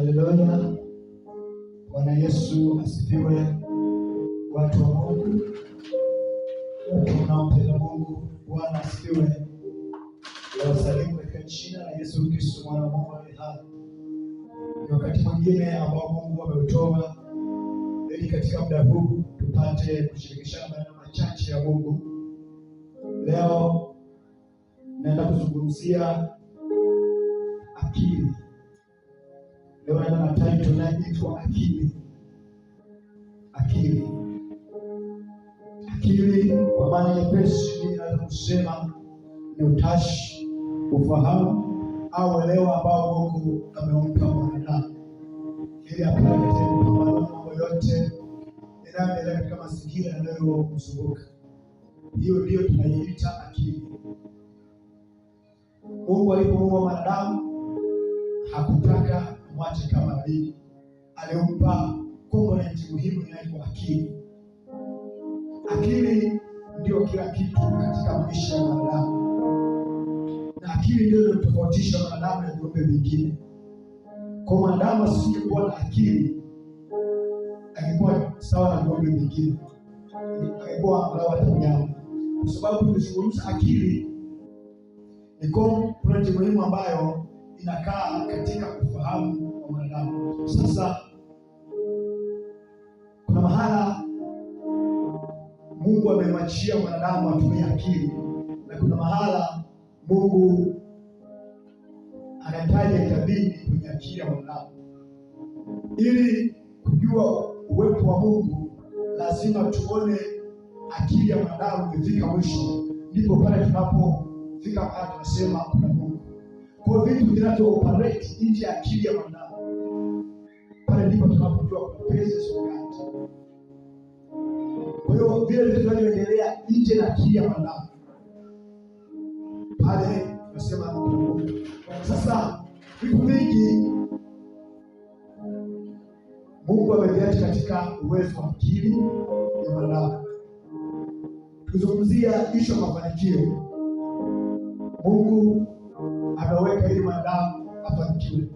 Haleluya! Bwana Yesu asifiwe. Watu wa Mungu, watu wanaompenda Mungu, Bwana asifiwe. Wasalimu katika jina la Yesu Kristo mwana wa Mungu aliye hai. Ni wakati mwingine ambao Mungu ameutoa ili katika muda huu tupate kushirikishana maneno machache ya Mungu. Leo naenda kuzungumzia akili Leo na title inaitwa akili. Akili, akili kwa maana nyepesi inaweza kusema ni utashi, ufahamu au elewa ambao Mungu ameumpa mwanadamu ili apate kupambana mambo yote yanayoendelea katika mazingira yanayomzunguka. Hiyo ndiyo tunaiita akili. Mungu alipomuumba mwanadamu hakutaka akamwacha kama bibi. Aliompa komponenti muhimu inayoitwa akili. Akili ndio kila kitu katika maisha ya mwanadamu, na akili ndio inatofautisha mwanadamu na viumbe vingine. Kwa mwanadamu asingekuwa na akili, angekuwa sawa na viumbe vingine, angekuwa angalau hata mnyama, kwa sababu tulizungumza akili ni komponenti muhimu ambayo inakaa katika kufahamu mwanadamu. Sasa kuna mahala Mungu amemwachia mwanadamu atumie akili, na kuna mahala Mungu anataja itabidi kwenye akili ya mwanadamu. Ili kujua uwepo wa Mungu, lazima tuone akili ya mwanadamu imefika mwisho, ndipo pale tunapofika pale tunasema kuna Mungu. Kwa vitu vinavyo operate nje ya akili ya mwanadamu mtu akupese sokati. Kwa hiyo vile vitu vinavyoendelea nje na kia mandani pale, nasema sasa vitu vingi Mungu ameviacha katika uwezo wa akili ya mandani. Tukizungumzia ishu mafanikio, Mungu ameweka ili mwanadamu afanikiwe.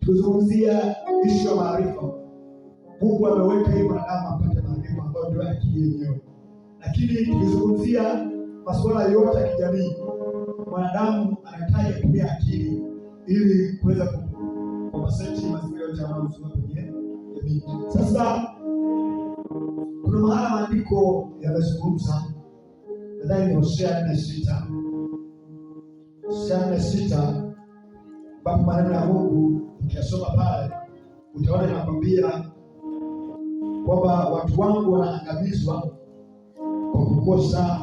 Tukizungumzia ishu ya maarifa Mungu ameweka hii alama apate maarifa ambayo ndio akili yenyewe. Lakini tukizungumzia masuala yote ya kijamii, mwanadamu anahitaji kutumia akili ili kuweza kuwasaidia mazingira yote yanayomzunguka kwenye jamii. Sasa kuna mahala maandiko yamezungumza, nadhani ni Hosea nne sita Hosea nne sita ambapo maneno ya Mungu ukiyasoma pale utaona inakwambia kwamba watu wangu wanaangamizwa kwa kukosa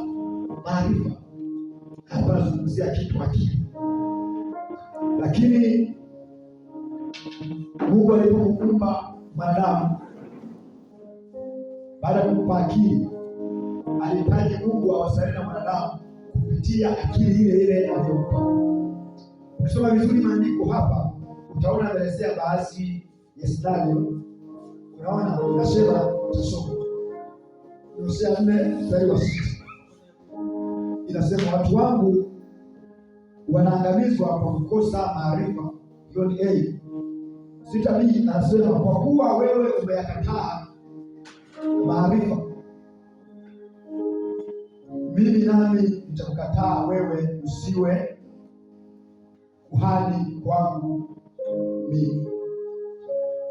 maarifa. Hapa nazungumzia kitu akili, lakini Mungu alipokuumba mwanadamu, baada ya kumpa akili, alihitaji Mungu awasiliane na mwanadamu kupitia akili ile ile aliyompa. Ukisoma vizuri maandiko hapa utaona anaelezea baadhi ya scenario Naona nasema utasoma Hosea nne mstari wa sita inasema watu wangu wanaangamizwa kwa kukosa maarifa. Jioni a sita b anasema kwa kuwa wewe umeyakataa maarifa, mimi nami nitakukataa wewe, usiwe kuhani kwangu mimi.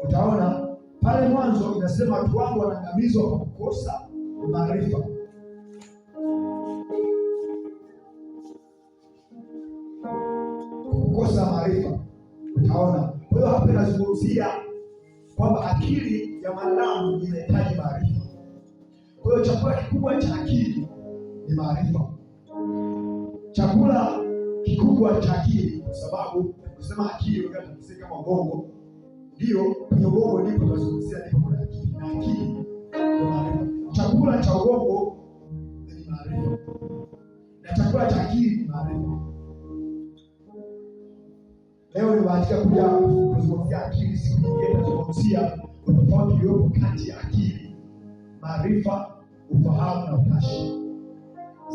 Utaona pale mwanzo inasema watu wangu wanaangamizwa kwa kukosa maarifa. Kukosa maarifa, utaona. Kwa hiyo hapa inazungumzia kwamba akili ya mwanadamu inahitaji maarifa. Kwa hiyo chakula kikubwa cha akili ni maarifa, chakula kikubwa cha akili, kwa sababu kusema akili kama ubongo ndio, kwenye ubongo ndipo tunazungumzia lengo la akili, na akili Chakula cha ubongo ni maarifa na chakula cha akili ni maarifa. Leo nimebahatika kuja kuzungumzia akili, siku nyingine nitazungumzia utofauti uliopo kati ya akili, maarifa, ufahamu na utashi.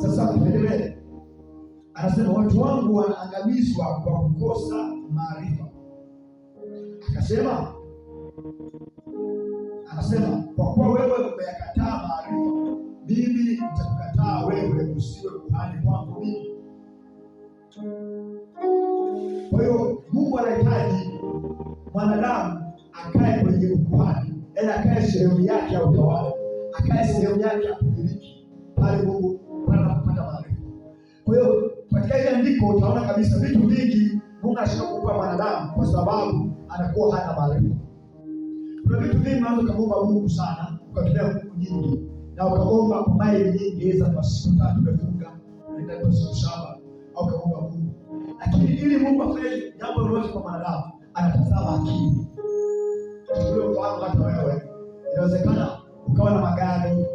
Sasa tuendelee, anasema watu wangu wanaangamizwa kwa kukosa maarifa. Akasema, anasema kwa kuwa wewe umeyakataa maarifa, mimi nitakukataa wewe, usiwe kuhani kwangu mimi. Kwa hiyo Mungu anahitaji mwanadamu akae kwenye ukuhani, yaani akae sehemu yake ya utawala, akae sehemu yake ya kumiliki pale Mungu anapopata maarifa. Kwa hiyo katika hili andiko utaona kabisa vitu vingi Mungu anashika kupa mwanadamu kwa sababu anakuwa hana maarifa. Kuna vitu vingi unaweza ukamwomba Mungu sana, ukatumia nguvu nyingi na ukaomba kwa maili nyingi, za kwa siku tatu umefunga, unaenda kwa siku saba au kaomba Mungu, lakini ili Mungu afanye jambo lolote kwa mwanadamu, anatazama akili. Tuchukulie mfano, hata wewe inawezekana ukawa na magari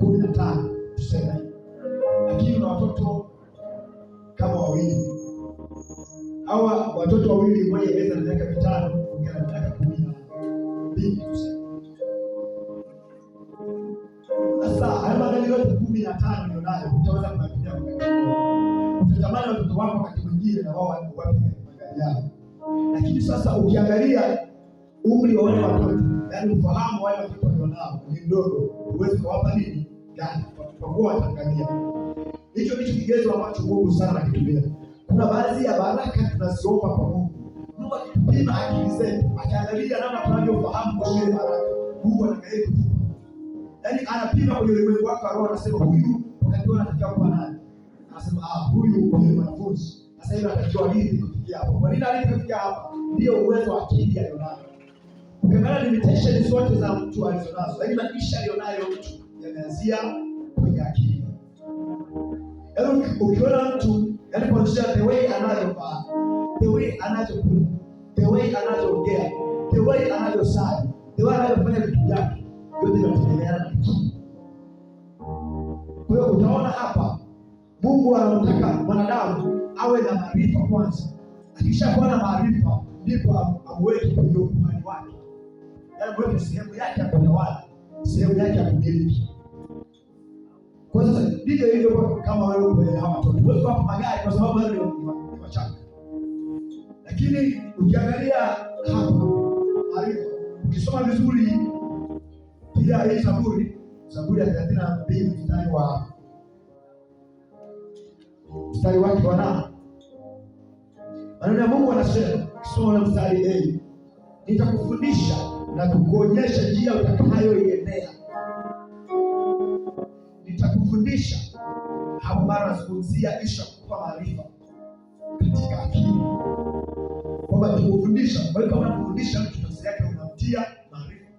15 tuseme, lakini una watoto kama wawili hawa watoto wawili, mmoja meza na miaka mitano, mwingine ana miaka kumi na mbili. Sasa haya magari yote kumi na tano nionayo utaweza kuyatumia wakati utatamani watoto wako wakati mwingine na wao wape magari yao, lakini sasa ukiangalia umri wa wale watoto, yaani ufahamu wale watoto walionao ni mdogo, huwezi kuwapa nini gari, kuwa watangalia. Hicho ndicho kigezo ambacho Mungu sana akitumia kuna baadhi ya baraka tunaziomba kwa Mungu. Mungu akipima akili zetu, akiangalia namna tunavyofahamu kwa ile baraka, Mungu anaangalia Yaani anapima kwenye ulimwengu wako roho, anasema huyu wakati wao anatakiwa kuwa nani? Anasema ah, huyu ni mwanafunzi. Sasa hivi anatakiwa nini kufikia hapo? Kwa nini alifikia hapa? Ndio uwezo wa akili alionayo. Ukiangalia limitation zote za mtu alizonazo, lakini maisha alionayo mtu yameanzia kwenye akili. Yaani ukiona mtu yaani kuanzia the way anavyovaa, the way anavyokula, the way anavyoongea, the way anavyosali, the way anavyofanya vitu vyake, yote inategemeana na kitu. Kwa hiyo utaona hapa Mungu anamtaka mwanadamu awe na maarifa kwanza. Akishakuwa na maarifa, ndipo amweke kwenye ukuhani wake, yaani mweke sehemu yake ya kutawala, sehemu yake ya kumiliki kwa sasa ndivyo hivyo, kama wewe uko na watoto huwezi kuwapa magari kwa sababu wewe ndio wachanga, lakini ukiangalia hapa alipo, ukisoma vizuri pia hii Zaburi, Zaburi ya 32 mstari wa mstari wake wa nane maneno ya Mungu anasema, kisoma na mstari ei, nitakufundisha na kukuonyesha njia utakayoiendea kufundisha hapo mara anazungumzia ishu ya kukupa maarifa katika akili, kwamba tukufundisha. Kwa hiyo kama unafundisha mtu nafsi yake, unamtia maarifa,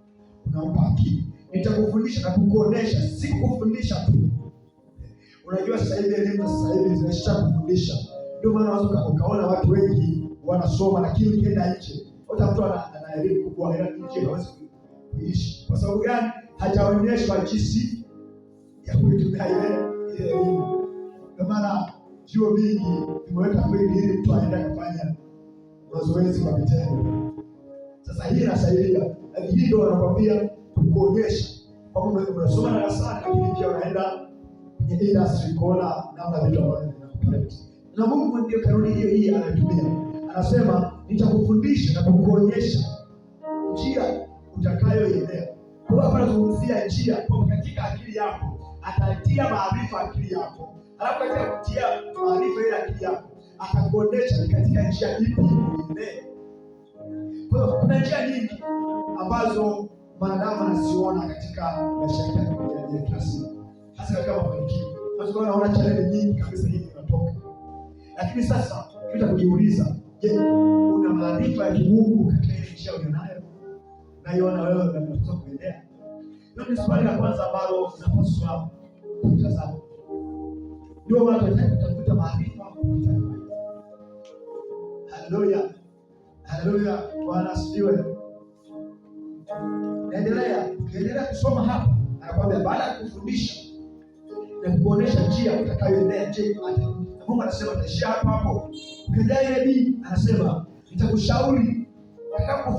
unampa akili. Nitakufundisha na kukuonesha, si kukufundisha tu. Unajua sasa hivi elimu sasa hivi zimesha kufundisha, ndio maana unaweza ukaona watu wengi wanasoma, lakini ukienda nje hata mtu ana elimu kubwa, ila nje hawezi kuishi. Kwa sababu gani? Hajaonyeshwa jinsi ya kuitumia ile ile elimu. Ndio maana vyuo vingi vimeweka kweli ili mtu aende akafanya mazoezi kwa vitendo. Sasa hii inasaidia, lakini hii ndio wanakwambia kukuonyesha kwamba umesoma darasani, lakini pia unaenda kwenye industry kuona namna vitu ambavyo vinakupatia. Na Mungu ndio kanuni hiyo hii anatumia, anasema nitakufundisha na kukuonyesha njia utakayoiendea. Kwa hapa nazungumzia njia kwa katika akili yako atatia maarifa akili yako, alafu katika kutia maarifa ile akili yako atakuonesha ni katika njia ipi uende. Kwa hiyo kuna njia nyingi ambazo mwanadamu anaziona katika maisha yake ya kila siku, hasa katika mafanikio. Sasa unaona challenge nyingi kabisa hizi inatoka, lakini sasa kita kujiuliza, je, una maarifa ya kimungu katika ile njia ulionayo? Naiona wewe unaweza kuendea ndio ni swali la kwanza ambalo napaswa kutazama. Ndio maana tunataka kutafuta maarifa Haleluya, haleluya, Bwana asifiwe. Naendelea, ukiendelea kusoma hapa, anakuambia baada ya kufundisha na kuonesha njia utakayoendea. Je, Mungu anasema taishia hapo hapo. Ukiendea ile bii, anasema nitakushauri, nataka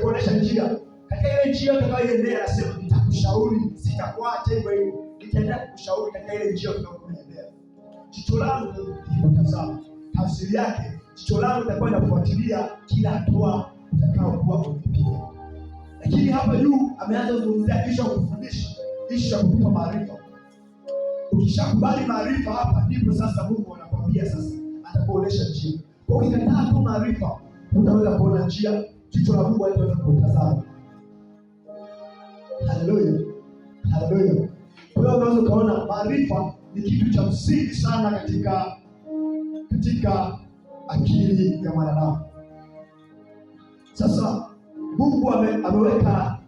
kuonesha njia katika ile njia utakayoendea, anasema kukushauri, sitakuacha hivyo hivyo, nitaenda kushauri katika ile njia tunayokuendea. Jicho langu litakutazama, tafsiri yake jicho langu litakuwa linafuatilia kila hatua utakayokuwa kupitia. Lakini hapa juu ameanza kuzungumzia kisha kufundisha, kisha kukupa maarifa. Ukishakubali maarifa, hapa ndipo sasa Mungu anakwambia sasa, atakuonesha njia. Kwa hiyo Ukikataa tu maarifa, utaweza kuona njia, jicho la Mungu halitaweza kutazama. Haleluya, haleluya. Kwa hiyo unaweza ukaona maarifa ni kitu cha msingi sana katika katika akili ya mwanadamu. Sasa Mungu ameweka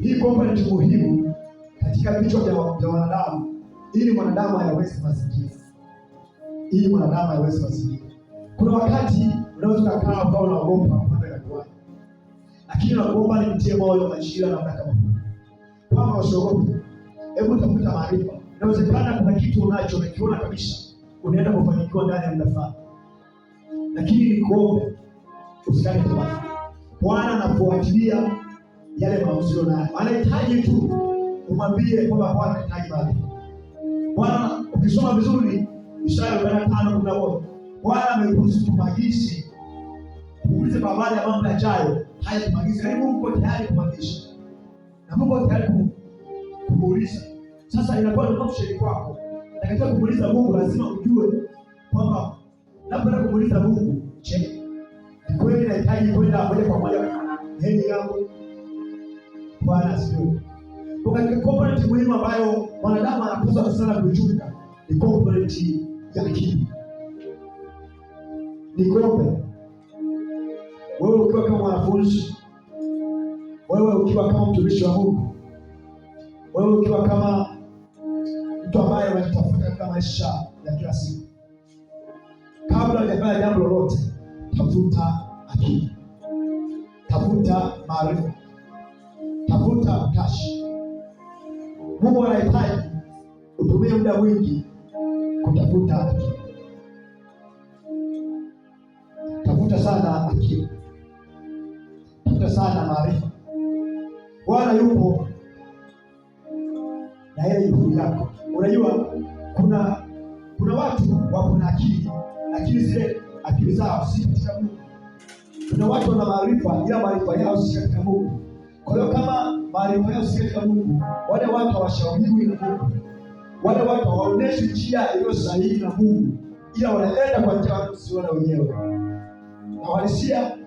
hii komponenti muhimu katika vichwa vya wanadamu ili mwanadamu ayaweze mazingira, ili mwanadamu ayaweze mazingira. Kuna wakati unaweza ukakaa ukawa unaogopa lakini nakuomba nimtie moyo maishira na wakati kwamba usiogope. Hebu tafuta maarifa, inawezekana kuna kitu unacho unakiona kabisa unaenda kufanikiwa ndani ya muda fulani, lakini nikuombe usikate tamaa. Bwana anafuatilia yale maamuzi unayo, anahitaji tu umwambie kwamba Bwana anahitaji maarifa. Bwana ukisoma vizuri Isaya arobaini na tano kumi na moja Bwana amekusudia kuulize kuuliza habari ya mambo yajayo haya maagizo. Yaani Mungu yuko tayari kuagisha na Mungu yuko tayari kuuliza. Sasa inakuwa ni ushiriki wako. Nakatika kumuuliza Mungu, lazima ujue kwamba labda kumuuliza Mungu, je, ni kweli nahitaji kwenda moja kwa moja heli yangu? Bwana sio ukatika component muhimu ambayo mwanadamu anapaswa sana kuichunga ni component ya akili. Nikombe wewe ukiwa kama mwanafunzi, wewe ukiwa kama mtumishi wa Mungu, wewe ukiwa kama mtu ambaye unajitafuta katika maisha ya kila siku, kabla hujafanya jambo lolote, tafuta akili, tafuta maarifa, tafuta utashi. Mungu anahitaji utumie muda mwingi kutafuta akili, tafuta sana akili sana maarifa. Bwana yupo na yeye yupo yako. Unajua kuna kuna watu wako na akili, lakini zile akili zao si katika Mungu. Kuna watu wana maarifa, ila maarifa yao si katika Mungu. Kwa hiyo kama maarifa yao si katika Mungu, wale watu hawashauriwi na Mungu, wale watu hawaoneshi njia iliyo sahihi na Mungu, ila wanaenda kwa njia wanaoziona wenyewe na walisia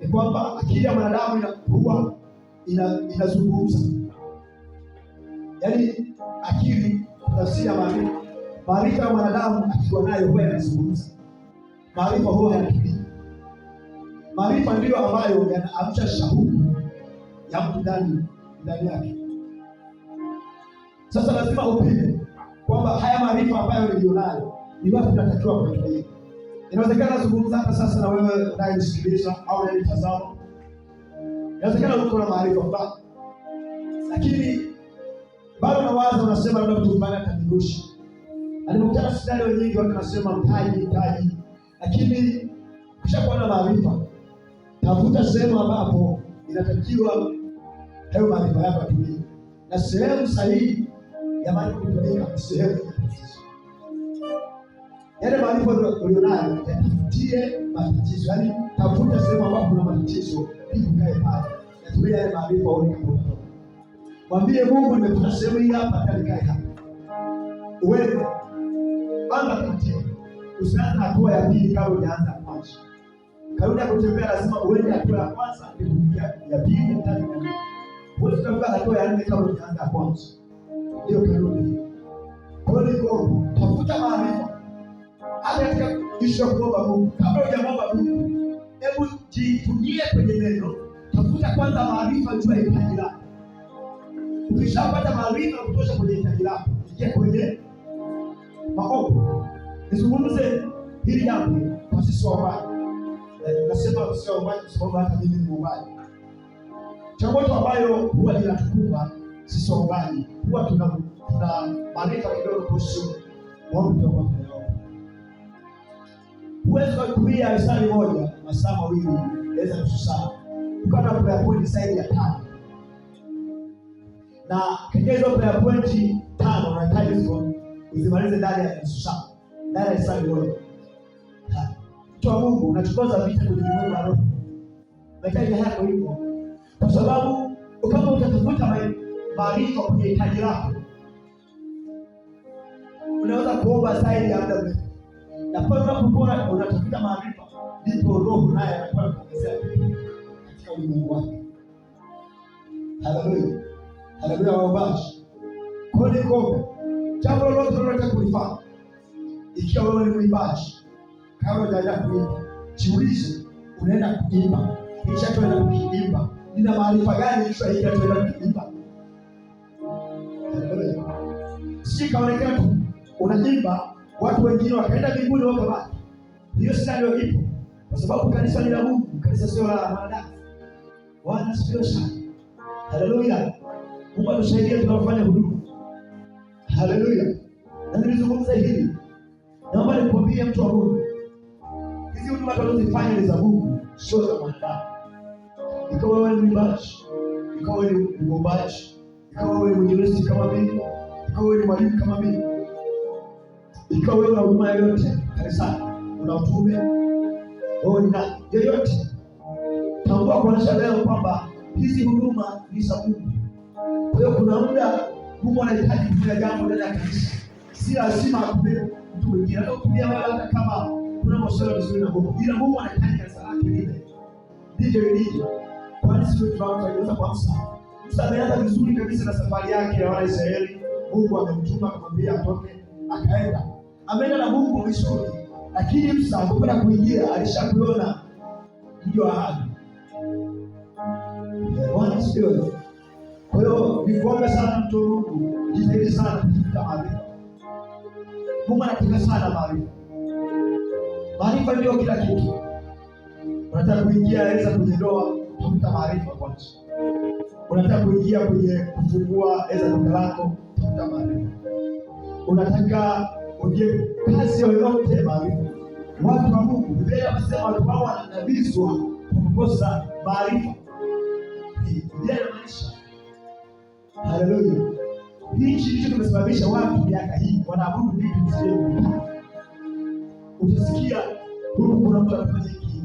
ni kwamba akili ya mwanadamu inakuwa inazungumza, yaani akili tafsiri ya maarifa. Maarifa ya mwanadamu akiwa nayo huwa yanazungumza, maarifa huwa yanakibii. Maarifa ndiyo ambayo yanaamsha shauku ya mtu ndani ndani yake. Sasa lazima upime kwamba haya maarifa ambayo niliyonayo ni wapi natakiwa kuyatumia. Inawezekana zungumza hapa sasa na wewe unayenisikiliza au unayetazama, inawezekana uko na maarifa mbaya, lakini bado nawaza, unasema labda mtu mbaya atanirusha. Alimkutana sidali wenyewe watu mtaji, mtaji, lakini ukishakuwa na maarifa, tafuta sehemu ambapo inatakiwa hayo maarifa yako yatumike, na sehemu sahihi ya maarifa kutumika sehemu yale malipo nayo yatufutie matatizo, yaani tafuta sehemu ambapo kuna matatizo ili ukae pale, natumia yale malipo aone kama utatoka. Mwambie Mungu, nimepata sehemu hii hapa, hata nikae hapa. Uwepo anza kutia, usianze hatua ya pili kama ujaanza kwanza. Karudi ya kutembea lazima uende hatua ya kwanza, ndipo kufikia ya pili, na tatu, ya nne. Huwezi kufika hatua ya nne kama ujaanza kwanza, ndio karudi kwa hiyo ukisha kuomba Mungu, kabla hujamwomba Mungu, hebu jifungie kwenye neno, tafuta kwanza maarifa, jua hitaji lako. Ukishapata maarifa kutosha kwenye hitaji lako, ingia kwenye maombi. Nizungumze hili jambo kwa sisi waombaji, eh, nasema sisi waombaji kwa sababu hata mimi ni mwombaji. Changamoto ambayo huwa inatukumba sisi waombaji, huwa tuna maarifa kidogo kuhusu maombi uwezo wa kutumia mstari moja masaa mawili, inaweza nusu saa ukana prayer point zaidi ya tano, na katika hizo prayer point tano unahitaji hizo uzimalize ndani ya nusu saa, ndani ya mstari moja. Mtu wa Mungu, unachokoza vita kwenye ulimwengu wa roho, mahitaji yako iko, kwa sababu kama utatafuta maarifa kwenye hitaji lako unaweza kuomba zaidi ya muda mrefu na pale unapokuwa unatafuta maarifa, ndipo Roho naye anakuwa anakuongezea katika ulimwengu wake. Haleluya, haleluya, waombaji kodi kombe, jambo lolote unalotaka kulifanya, ikiwa wewe ni mwimbaji, kabla hujaenda kuimba, jiulize, unaenda kuimba, kisha tuenda kuimba, nina maarifa gani kisha hiki tuenda kuimba? Haleluya, sikaonekana tu unaimba watu wengine wakaenda mbinguni wako wakabaki. Hiyo scenario ipo, kwa sababu kanisa ni la Mungu, kanisa sio la wanadamu. Bwana sio sana. Haleluya, Mungu atusaidie tunafanya huduma. Haleluya, na nilizungumza hili, naomba nikwambie mtu wa Mungu, hizi huduma tunazozifanya ni za Mungu, sio za wanadamu. Ikawa wewe ni mbashi, ikawa wewe ni mbashi, ikawa wewe ni mjinisi kama mimi, ikawa wewe ni mwalimu kama mimi ikiwa wewe una huduma yoyote kanisani, una utume na yoyote, tambua kuonesha leo kwamba hizi huduma ni za Mungu. Kwa hiyo kuna muda Mungu anahitaji kufanya jambo ndani ya kanisa, si lazima akupe mtu mwingine, atakutumia wewe, hata kama kuna mahusiano vizuri na Mungu, ila Mungu anahitaji kanisa lake lile ndivyo ilivyo. Kwani siku tunaweza kwa Musa, Musa ameanza vizuri kabisa na safari yake ya Waisraeli, Mungu amemtuma akamwambia atoke, akaenda ameenda na Mungu vizuri, lakini Musa alipokwenda kuingia alishakuona mji wa ahadi. Bwana sio. Kwa hiyo nikuombe sana mtu Mungu, jitahidi sana kutafuta maarifa. Mungu anataka sana maarifa. Maarifa ndio kila kitu. Unataka kuingia aweza kwenye ndoa, tafuta maarifa kwanza. Unataka kuingia kwenye kufungua aweza duka lako, tafuta maarifa. Unataka Je, kazi yoyote maarifa? Watu wa Mungu, Biblia inasema watu wao wanadabizwa kwa kukosa maarifa. Biblia inamaanisha haleluya, hichi ndicho kimesababisha watu miaka hii wanaabudu vitu visivyo. Utasikia huku kuna mtu anafanya hiki,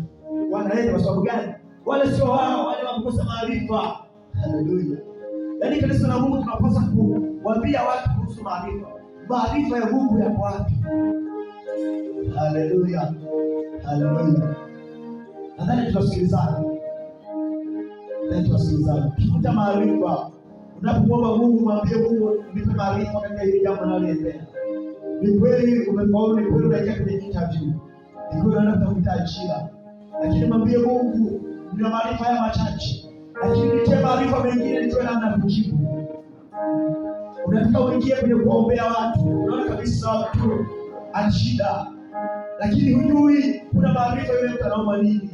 wanaenda kwa sababu gani? Wale sio wao, wale wamekosa maarifa. Haleluya! Yaani kanisa la Mungu tunapaswa kuwaambia watu kuhusu maarifa maarifa ya Mungu yako wapi? Haleluya, haleluya. Nadhani tunasikilizana, nadhani tunasikilizana. kifuta maarifa. unapomwomba Mungu, mwambie Mungu, nipe maarifa katika hili jambo naloendea. Ni kweli umefaulu, ni kweli unaingia kwenye interview, ni kweli unatafuta ajira, lakini mwambie Mungu, nina maarifa haya machache, lakini nitie maarifa mengine, nitoe namna kujibu unataka uingie kwenye kuombea watu, unaona kabisa watu ana shida, lakini hujui kuna maarifa yule mtu anaomba nini.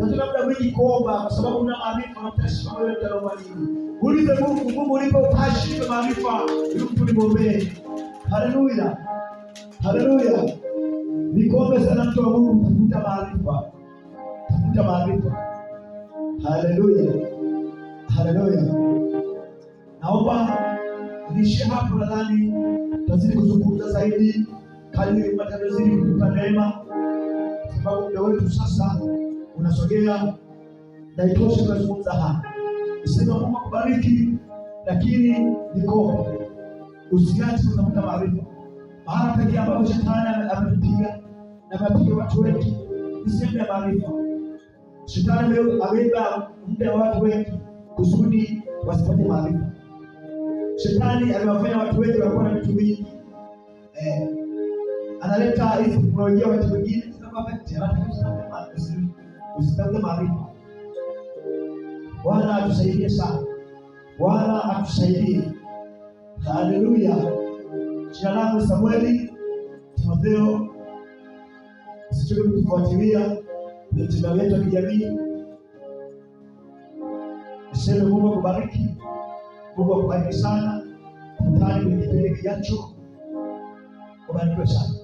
Unataka muda mwingi kuomba kwa sababu una maarifa, unatashika yule mtu anaomba nini. Ulipe Mungu, Mungu ulipe utashi na maarifa ili mtu nimwombee. Haleluya, haleluya. Nikuombe sana mtu wa Mungu, tafuta maarifa, tafuta maarifa. Haleluya, haleluya, naomba nishe hapo, nadhani tazidi kuzungumza zaidi kadiri matazidi kutupa neema, sababu muda wetu sasa unasogea na itoshe kuzungumza hapa. Sema Mungu akubariki, lakini niko usiache kutafuta maarifa, maana pekee ambapo shetani amepiga na mapiga watu wengi ni sehemu ya maarifa. Shetani ameiba muda wa watu wengi kusudi wasipate maarifa. Shetani amewafanya watu wengi wakuwa na vitu vingi eh, analeta hizi teknolojia watu wengine usitangue maarifa. Bwana atusaidie sana, Bwana atusaidie. Haleluya. Jina langu Samueli Timotheo, usichoke kutufuatilia kwenye mitandao yetu ya kijamii. Niseme Mungu akubariki. Mungu akubariki sana. Mtani kwenye kipindi kijacho, ubarikiwe sana.